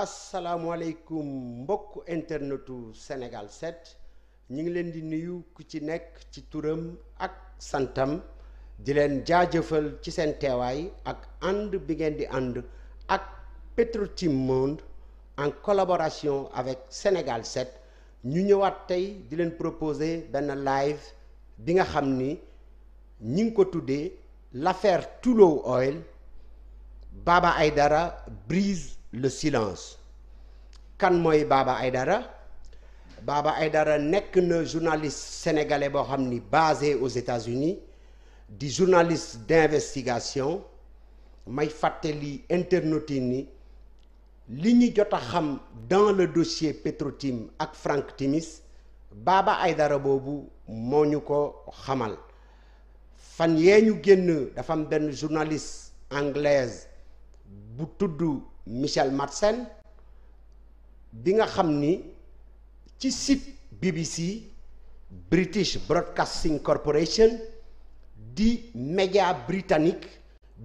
asalaamualeykum mbokku internetu Sénégal set ñu ngi leen di nuyu ku ci nekk ci turam ak santam di leen jaajëfal ci seen teewaay ak ànd bi ngeen di ànd ak Petrotim Monde en collaboration avec Sénégal set ñu ñëwaat tey di leen proposé benn live bi nga xam ni ñi ngi ko tuddee l'affaire Tullow Oil Baba dara brise le silence kan mooy Baba Aydara Baba dara nekk na journaliste sénégalais boo xam ni basé aux États-Unis di journaliste d'investigation may fàttali internautes yi ni li ñu jot a xam dans le dossier Petrotim ak Frank Timis ay dara boobu moo ñu ko xamal fan yee ñu génn dafa am benn journaliste anglaise bu tudd Michel Marcel bi nga xam ni ci site BBC British Broadcasting Corporation di média britannique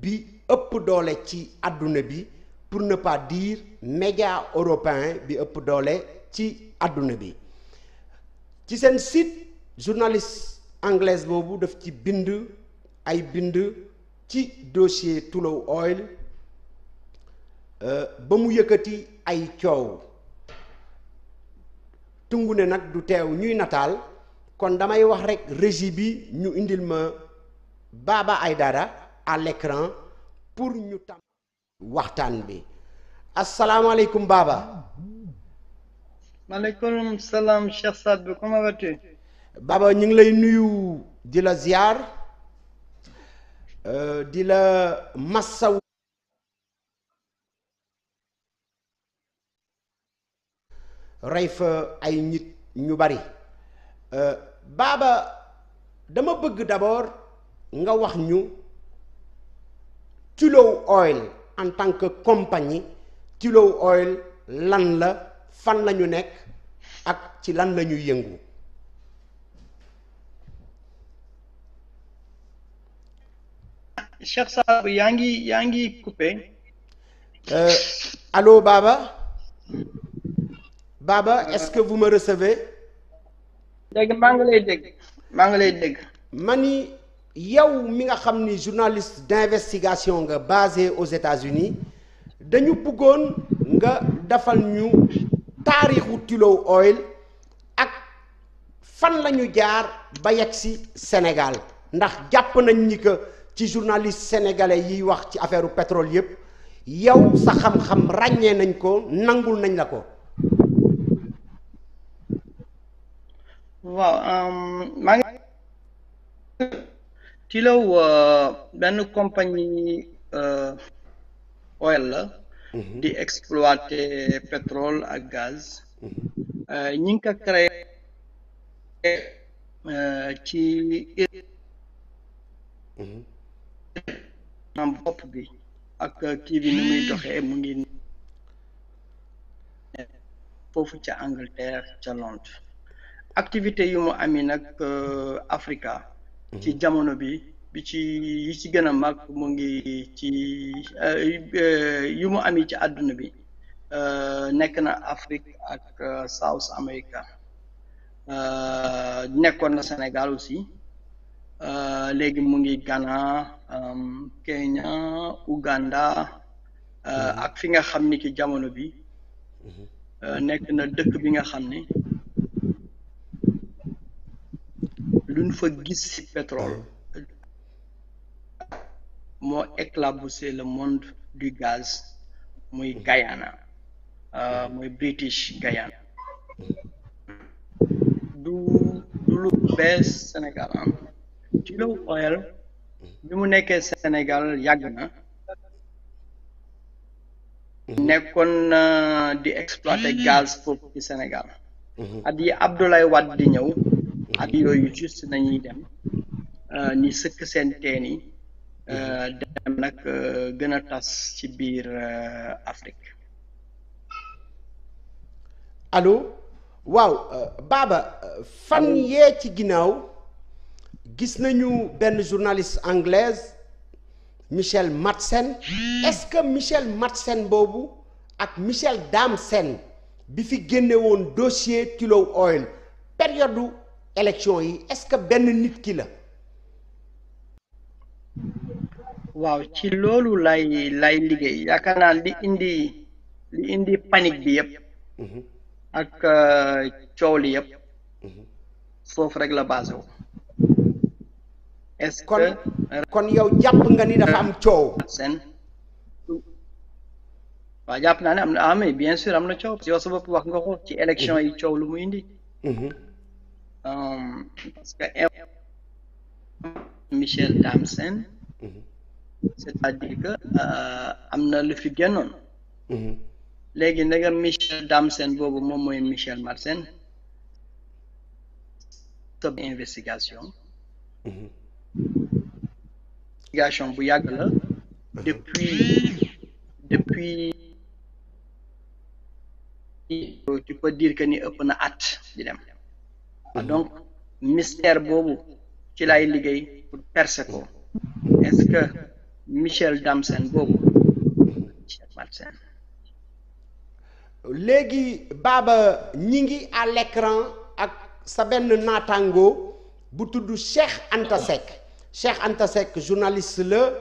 bi ëpp doole ci àdduna bi pour ne pas dire média européen bi ëpp doole ci àdduna bi ci seen site journaliste anglaise boobu daf ci bind ay bind ci dossier Tullow Oil Euh, ba mu yëkkati ay coow tungu ne nag du teew ñuy nataal kon damay wax rek régie bi ñu indil ma Baba Aydara à l'écran pour ñu tam waxtaan bi asalaamaaleykum Baba. maaleykum salaam Cheikh Saad Bou comment vas-tu. Baba ñu ngi lay nuyu di la ziar euh, di la massaw rey fa ay nit ñu bari euh, baaba dama bëgg d'abord nga wax ñu Tullow Oil en tant que compagnie Tullow Oil lan la fan lañu ñu nekk ak ci lan la ñuy yëngu Cheikh Saabu yaa ngi yaa ngi coupé euh, allo baaba baaba est-ce que vous ma recevez. dégg maa ngi lay dégg. maa ngi lay dégg. man ni yow mi nga xam ni journaliste d'investigation nga basé aux États-Unis dañu bëggoon nga defal ñu taarixu Tullow Oil ak fan lañu jaar ba yegg si Sénégal ndax jàpp nañ ni que ci journaliste sénégalais yiy wax ci affaire pétrole yépp yow sa xam-xam ràññee nañ ko nangul nañ la ko. waaw maa ngi Tullow uh, benn compagnie uh, oil la mm-hmm. di exploiter pétrole ak gaz mm-hmm. uh, ñi ngi ko créé ci mm-hmm. am bopp bi ak kii bi ni muy doxee mu ngi foofu ca Angleterre ca Londres activité yu mu amee nag euh, Africa mhm. ci jamono bi bi ci yi ci gën a mag mu ngi ci euh, euh, yu mu amee ci àdduna bi nekk na Afrique ak South America nekkoon na Sénégal aussi léegi mu ngi Ghana Kenya Uganda mhm. ak fi nga xam ni ki jamono bi mhm. nekk na dëkk bi nga xam ni luñ fa gis ci pétrole moo éclaboussé le monde du gaz muy Guyana euh, muy British Guyana du du lu bees Sénégal am Tullow oil bi mu nekkee Sénégal yàgg na nekkoon na di exploiter gaz foofu ci Sénégal mm-hmm. at yi Abdoulaye Wade di ñëw ak yooyu juste nañuy dem euh, ñi sëkk seen teen yi euh, dem nag euh, gën a tas ci biir Afrique alo waaw Baba fan yee ci ginnaaw gis nañu benn journaliste anglaise Michel Madsen est-ce que Michel Madsen boobu ak Michel Damsen bi fi génne woon dossier Tullow Oil période élection yi est-ce que benn nit ki la waaw ci loolu lay lay liggéey yaakaar naa li indi li indi panique bi yëpp mhm. ak euh, coow li yëpp mhm. foofu rek la basé wu est-ce que kon yow jàpp nga ni dafa am coow seen waaw jàpp naa ni am na ah bien sûr am na coow yow sa bopp wax nga ko ci élection yi coow lu mu indi mhm. parce um, que Michel Damsen mm-hmm. c'est-à-dire que uh, am na lu fi génnoon mm-hmm. léegi ndegam Michel Damsen boobu moom mooy Michel Marsen sob investigation mm-hmm. investigation bu yàgg la depuis depuis tu peux dire que ni ëpp na at di dem Ah, donc mystère boobu ci lay liggéey pour percer ko est-ce que Michel léegi Baba ñi ngi à l'écran ak sa benn naataangoo bu tudd Cheikh antasek Seck Cheikh Anta Seck journaliste la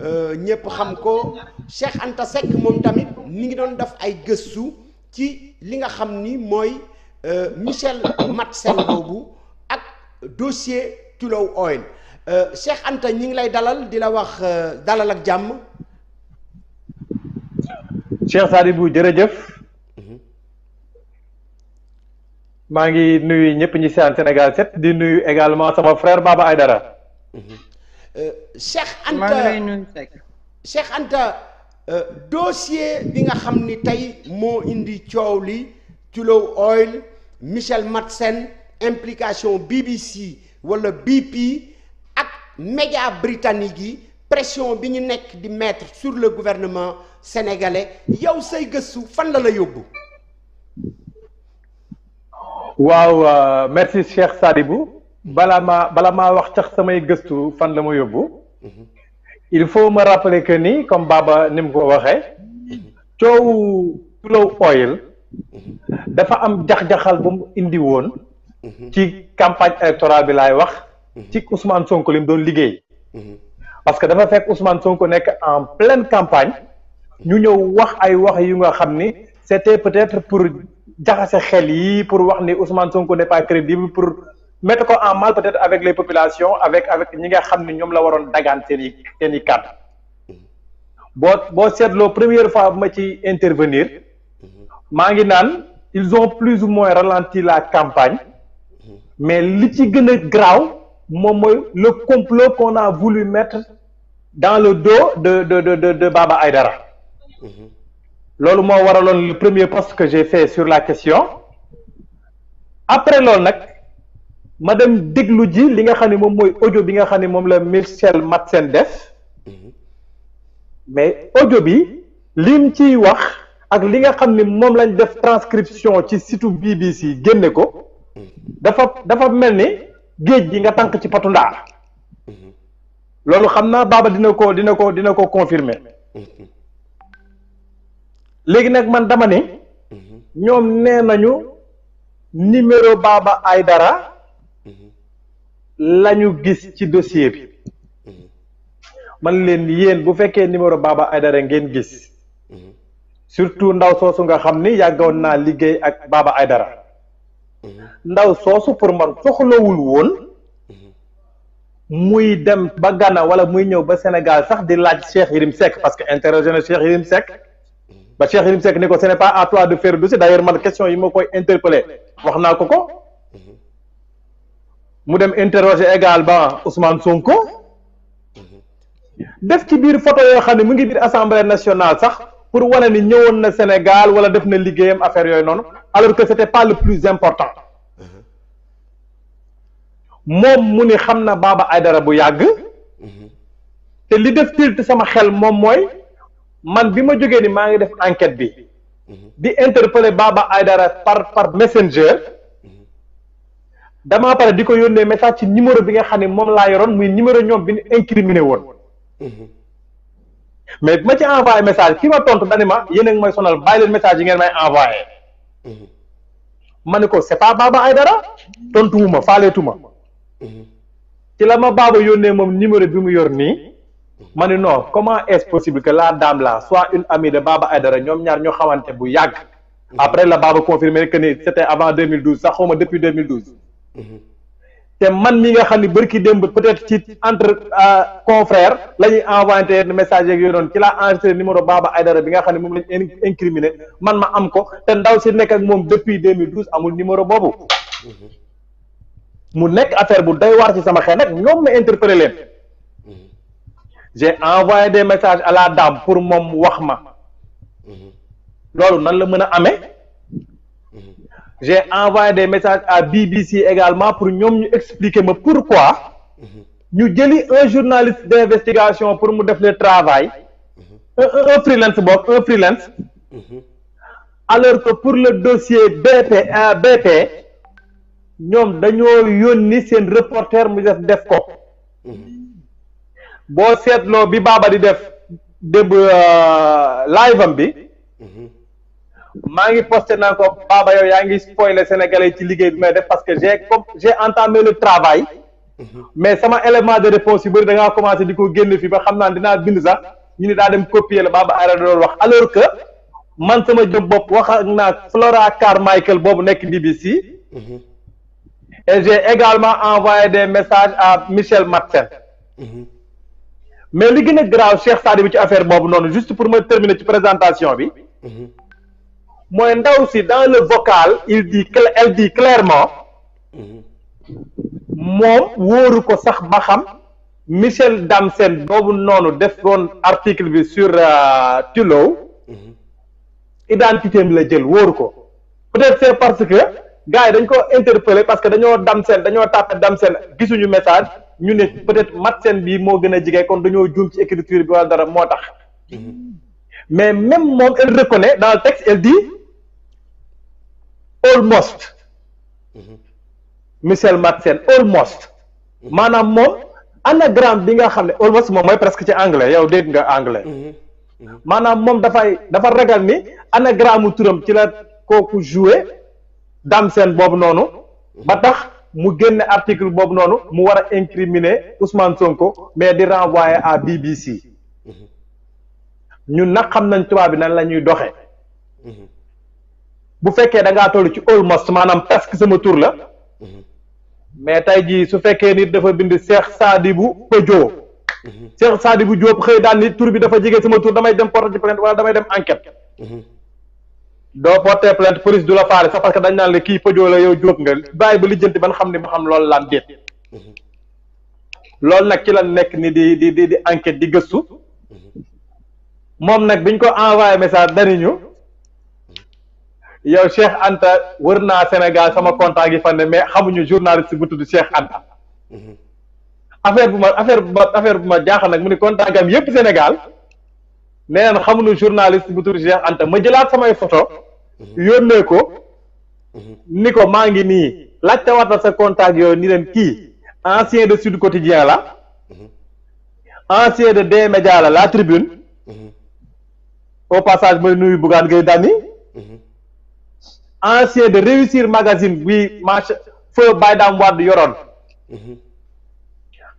euh, ñëpp xam ko Cheikh Anta Seck moom tamit mi ngi doon def ay gëstu ci li nga xam ni mooy Euh, Michel Matsène boobu ak dossier Tullow Oil euh, Cheikh Anta ñi ngi lay dalal di la wax euh, dalal ak jàmm. Cheikh Sadibou jërëjëf. Mhm. maa ngi nuyu ñëpp ñi seen Sénégal 7 di nuyu également sama frère Baba Aydara. Mhm. Cheikh Anta maa ngi Cheikh Anta dossier bi nga xam ni tey moo indi coow li Tullow Oil. Michel sen implication BBC wala BP ak média britannique gi pression bi ñu nekk di mettre sur le gouvernement sénégalais yow say gëstu fan la la yóbbu. waaw euh, merci Cheikh Sadibou bala ma bala maa wax tax samay gëstu fan la ma yóbbu mhm. il faut ma rappeler que nii comme Baba ni mu ko waxee coowu Tullow Oil. dafa am jax-jaxal bu mu indi woon ci campagne électorale bi laay wax ci Ousmane Sonko li mu doon liggéey parce que dafa fekk Ousmane Sonko nekk en pleine campagne ñu ñëw wax ay wax yu nga xam ni c'était peut-être pour jaxase xel yi pour wax ni Ousmane Sonko n'est pas crédible pour mettre ko en mal peut-être avec les populations avec ñi nga xam ni ñoom la waroon dagaan seen i seen i kàddu boo boo seetloo première fois bu ma ci intervenir maa ngi naan ils ont plus ou moins ralenti la campagne mais li ci gën a graaw moom mooy le complot qu'on a voulu mettre dans le dos de de de de, de Baba Aydara loolu moo waraloon premier poste que j'ai fait sur la question après loolu nag ma dem déglu ji li nga xam ne moom mooy audio bi nga xam ni moom la Michel Madsen def mhm. mais audio bi lim ciy wax. ak li nga xam ni moom lañ def transcription ci situ BBC génne ko dafa dafa mel ni géej gi nga tànk ci patu ndaar loolu xam naa baaba dina ko dina ko dina ko confirmer léegi nag man dama ni ñoom nee nañu numéro baaba ay dara la ñu gis ci dossier bi man leen yéen bu fekkee numéro baaba ay dara ngeen gis surtout ndaw soosu nga xam ni yàggoon naa liggéey ak Baba Aydara ndaw soosu pour man soxlawul woon muy dem ba Ghana wala muy ñëw ba Sénégal sax di laaj Cheikh Yérim sekk parce que interrogé na Cheikh Yérim Seck ba Cheikh Yérim Seck ni ko ce n'est pas à toi de faire dossier d'ailleurs man question yi ma koy interpellé wax naa ko ko mu dem interroger également Ousmane Sonko def ci biir photo yoo xam ne mu ngi biir assemblée nationale sax. pour wane ni ñëwoon na Sénégal wala def na liggéeyam affaire yooyu noonu alors que c'était pas le plus important moom mu ni xam na Baba Aydara bu yàgg te li def tilt sama xel moom mooy man bi ma jógee ni maa ngi def enquête bi di interpeller Baba Aydara par par messenger damaa pare di ko yónnee message ci numéro bi nga xam ne moom laa yoroon muy numéro ñoom bi ñu incriminé woon mais bi ma ci envoyé message ki ma tontu dani ma yéen a may sonal bàyyi leen message yi ngeen may envoyé mm-hmm. ma ne ko c'est pas Baba Aïdara tontuwu ma faaleetu ma mm-hmm. ci la ma Baba yonnee moom numéro bi mu yor nii ma ne non comment est-ce possible que la dame la soit une amie de Baba Aïdara ñoom ñaar ñoo xamante bu yàgg mm-hmm. après la Baba confirmé que ni c'était avant 2012 sax xaw ma depuis 2012. te man mi nga xam ne barki démb peut-être ci entre euh, confrères la ñuy envoyé message yeeg yooyu noonu ci laa enregistré numéro baaba Aydara bi nga xam ne moom lañ incriminé man ma am ko te ndaw si nekk ak moom depuis 2012 amul numéro boobu mm-hmm. mu nekk affaire bu day waar ci sama xel nag ñoom ma interpellé leen mm-hmm. j'ai envoyé des messages à la dame pour moom wax ma mm-hmm. loolu nan la mën a amee j'ai envoye des messages à BBC également pour ñoom ñu expliquer ma pourquoi ñu jëli un journaliste d'investigation pour mu def le travail un un freelance boobu un freelance alors que pour le dossier BP BP ñoom dañoo yónni seen reporter mu def def ko boo seetloo bi baaba di def démb euh, live am bi maa ngi posté naa ko Baba yow yaa ngi spoilé Sénégalais ci liggéey bi may def parce que j'ai comme j'ai entamé le travail mhm. mais sama élément de réponse yu bëri da ngaa commencé di ko génn fii ba xam naa dina bind sax ñu ni daa dem copier la Baba Aïda doon wax alors que man sama jëm bopp wax ak naa Flora Carmichael boobu nekk BBC mhm. et j'ai également envoyé des message à Michel Matsen mhm. mais li gën a garaaw Cheikh Sadi bi ci affaire boobu noonu juste pour ma terminer ci présentation bi mooy ndaw si dans le vocal il dit elle dit clairement moom wóoru ko sax ba xam Michel Damsen boobu noonu def defoon article bi sur euh, Tullow identité am la jël wóoru ko peut-être c'est parce que gars dañ ko interpellé parce que dañoo Damsen dañoo tàppe Damsen gisuñu message ñu ne peut-être Madsen bi moo gën a jigee kon dañoo juum ci écriture bi wala dara moo tax mhm. mais même moom elle reconnaît dans le texte elle dit almost Michel Madsen almost maanaam moom anagramme bi nga xam ne almost moom mooy presque ci anglais yow dégg nga anglais maanaam moom dafay dafa ragal ni anagramme turam ci la kooku joué dam seen boobu noonu ba tax mu génne article boobu noonu mu war a incriminer Ousmane Sonko mais di renvoyer à BBC ñun nag xam nañ tubaab bi nan la ñuy doxee bu fekkee da ngaa toll ci almost maanaam presque sama tur la mhm. mais tey jii su fekkee nit dafa bind Cheikh Sadibou Pédio mhm. saadi bu Diop xëy daan ni tur bi dafa jege sama tur damay dem porter ci plainte wala damay dem enquête mhm. doo porter plainte police du la faale sax parce que dañ naan la kii Pédio la yow Diop nga bàyyi ba lijjanti ban xam ne ba xam loolu laan déet loolu nag ci la nekk ni di di di di di gëstu moom nag ñu ko envoyé message danañu yow Cheikh Anta wër naa Sénégal sama contact yi fan mais xamuñu journaliste bu tudd Cheikh Anta mhm. affaire bu ma affaire bu ma affaire bu ma jaaxal nag mu ni contact am yépp Sénégal nee na xamuñu journaliste bu tudd Cheikh Anta ma jëlaat samay photo mhm. Mhm. yónnee ko ni ko maa ngi nii laajte waat na sa contact yooyu ni leen kii ancien de Sud Quotidien la ancien de D-Média la la tribune au passage mooy nuyu Bougane Gueye Dany ancien de réussir magazine bi marche feu Baye Dame Wade yoroon mhm.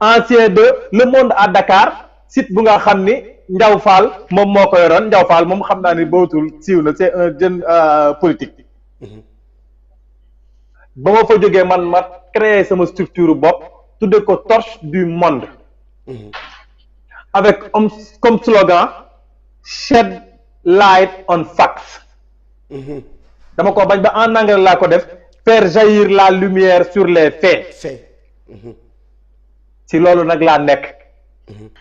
ancien de Le Monde à Dakar site bu nga xam ni Ndiaw Fall moom moo ko yoroon Ndiaw Fall moom xam naa ni bootul siiw na c'est un jeune euh, politique mhm. ba ma fa jógee man ma créer sama structure bopp tudde ko torche du monde mhm. avec comme slogan shed light on facts dama ko bañ ba en anglais laa ko def faire jaillir la lumière sur les faits. si loolu nag laa nekk. Mhm.